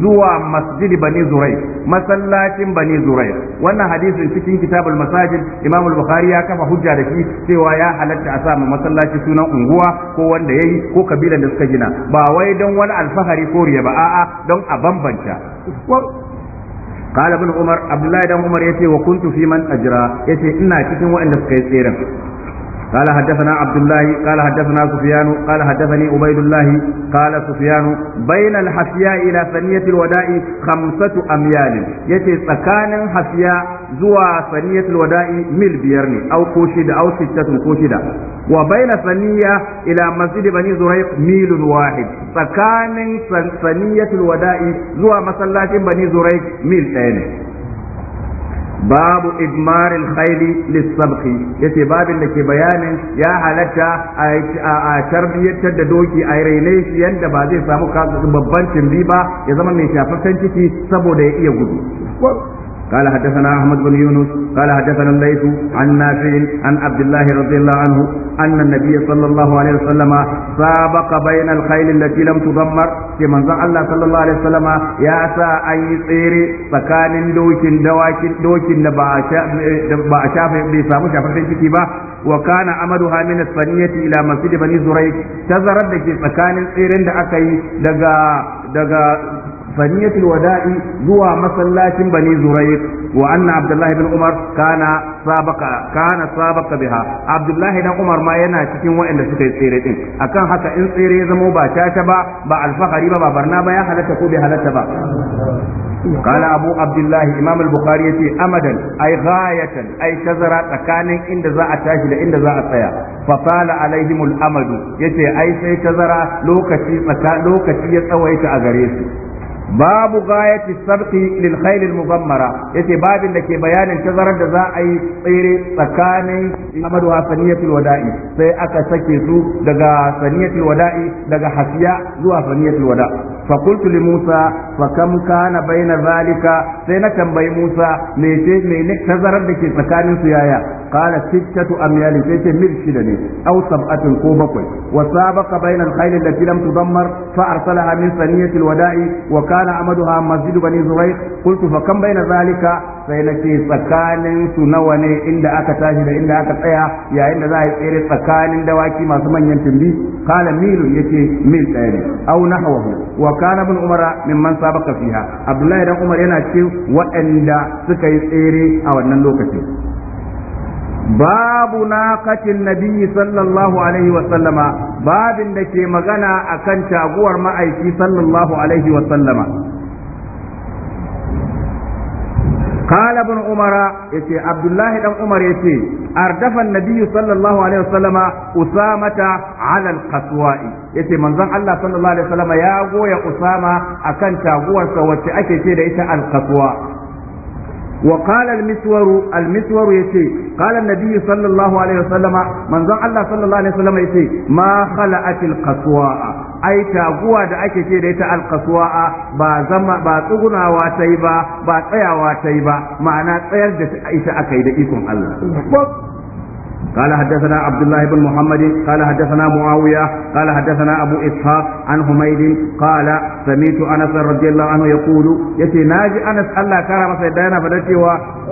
zuwa masjid bani zurai masallacin bani zurai wannan hadisin cikin kitabul masajid imam al-bukhari ya kafa hujja da shi cewa ya halatta a samu masallaci sunan unguwa ko wanda yayi ko kabilan da suka gina ba wai don wani alfahari ko riya ba a'a don a bambanta قال ابن Umar عبد الله بن عمر يتي وكنت في من اجرى يتي ina cikin waɗanda suka yi tseren قال حدثنا عبد الله قال حدثنا سفيان قال حدثني عبيد الله قال سفيان بين الحفياء الى ثنية الوداع خمسة اميال يتي سكان حفياء زوا ثنية الوداع ميل بيرني او كوشد او ستة كوشدة وبين ثنية الى مسجد بني زريق ميل واحد سكان ثنية الوداع زوا مسلاة بني زريق ميل ثاني babu idmaril khayli lis ya yace babin da ke bayanin ya halatta a tarbiyyatar da doki a raine shi yanda ba zai samu babban tumbi ba ya zama mai shafaffen ciki saboda ya iya gudu قال حدثنا أحمد بن يونس قال حدثنا الليث عن نافع عن عبد الله رضي الله عنه أن النبي صلى الله عليه وسلم سابق بين الخيل التي لم تدمر في منزل الله صلى الله عليه وسلم يا سا أي tsere tsakanin dokin dawakin dokin da ba a shafe bai samu shafafen ciki ba wa kana amaduha min as-saniyati ila masjid bani zurayk tazarar da ke tsakanin tseren da aka yi daga daga بنية الوداع زوى مسلاة بني زريق وأن عبد الله بن عمر كان سابق كان سابق بها عبد الله بن عمر ما ينا cikin waɗanda suka yi tsere din akan haka in tsere ya zamo ba caca ba ba alfahari ba ba barna ba ya halatta ko bai halatta ba قال أبو عبد الله إمام البخاري يتي أمدا أي غاية أي تزرع تكان إن ذا أتاشل إن ذا أتيا فطال عليهم الأمد يتي أي سي تزرع لوكتي متى لوكتي يتويت أغريسي babu gayati sarki lil khayl al muzammara yace babin da ke bayanin tazarar da za a yi tsere tsakanin Ahmadu Hasaniyatul Wada'i sai aka sake su daga Saniyatul Wada'i daga Hasiya zuwa Saniyatul Wada fa qultu li Musa fa kam kana baina zalika sai na tambayi Musa me ce me ne tazarar da ke tsakanin su yaya قال ستة أميال زيت مرشدني أو سبعة كوبكوي وسابق بين الخيل التي لم تدمر فأرسلها من ثنية الوداع وكان عمدها مسجد بني زريق قلت فكم بين ذلك سينكي سكان سنوني إن أكا تاجد إن أكا تايا يا إن ذا يسير سكان دواكي ما سمن ينتمي قال ميل يتي ميل تاني أو نحوه وكان ابن عمر ممن سابق فيها عبد الله بن عمر ينا وأن سكي سيري أو أن Babu na katin Nabiyyu sallallahu alaihi wa sallama, babin da ke magana a kan taguwar ma'aiki sallallahu alaihi wa sallama. Qalabin Umar, ya ce Abdullahi ɗan Umar yace ce, arda fan Nabiyyu sallallahu alaihi wa sallama, u sa mata halal kasuwa. Ya Allah sallallahu alaihi wa sallama ya goya Usama akan kan taguwarsa wacce ake ce da ita alkasuwa? وقال المسور المسور يتي قال النبي صلى الله عليه وسلم من زن الله صلى الله عليه وسلم يتي ما خلعت القسواء ai taguwa da ake ce da ita alkasuwa ba zama ba tsugunawa ta yi ba ba tsayawa ta yi ba ma'ana tsayar da ita aka yi da ikon Allah قال حدثنا عبد الله بن محمد قال حدثنا معاوية قال حدثنا أبو إسحاق عن حميد قال سمعت أنس رضي الله عنه يقول يتي ناجي أنس الله كرم سيدنا فدتي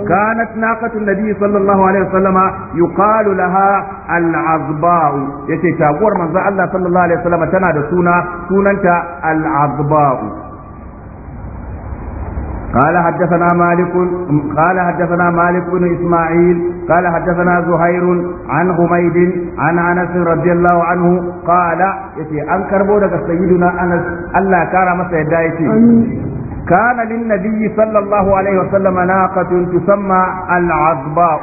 كانت ناقة النبي صلى الله عليه وسلم يقال لها العظباء يتي تاقور من الله صلى الله عليه وسلم تنادى سونا سوننت العظباء قال حدثنا مالك قال حدثنا مالك بن اسماعيل قال حدثنا زهير عن حميد عن انس رضي الله عنه قال يتي ان كربو daga سيدنا انس الله كرم سيدا يتي كان للنبي صلى الله عليه وسلم ناقة تسمى العظباء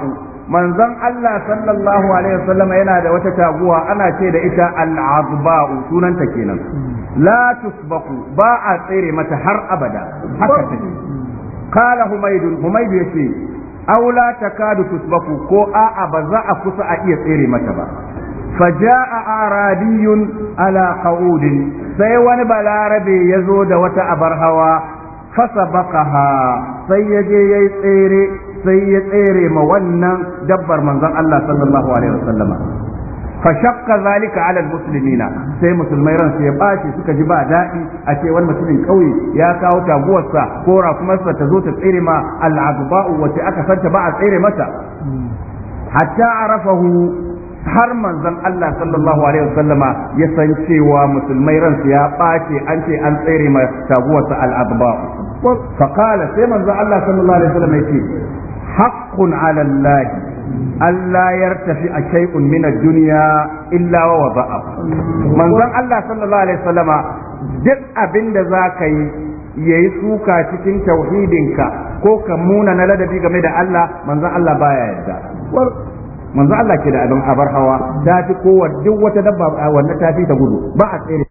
manzon Allah sallallahu alaihi wasallam yana da wata taguwa ana ce da ita al-azba'u sunanta kenan la tusbaku ba a tsere mata har abada haka take qala humaydun humaydu yace aula takadu tusbaku ko a'a ba za a kusa a iya tsere mata ba فجاء أعرابي على قعود سيوان بالعربي يزود وتأبرهوا فسبقها سيجي يسيري sai ya tsere sai ya tsere ma wannan dabbar manzon Allah sallallahu alaihi wasallama fashakka zalika ala na sai musulmai ran ya bashi suka ji ba daɗi a ce wani mutumin ƙauye ya kawo taguwarsa ko rakumarsa ta zo ta tsire ma al'adba'u wace aka santa ba a tsire mata hatta arafahu har manzon Allah sallallahu alaihi wasallama ya san cewa musulmai ran ya bace an ce an tsire ma taguwarsa al'adba'u fa qala sai manzon Allah sallallahu alaihi wasallama yace haqqun ala Allah Allah ya tafi a shay'un min ad-dunya illa wa wada'a manzon Allah sallallahu alaihi wasallama duk abin da zaka yi yayi suka cikin tauhidinka ko ka muna na ladabi game da Allah manzon Allah baya yadda. manzo Allah ke da abin abar hawa ta fi kowa duk wata dabba wannan ta fi ta gudu ba a tsere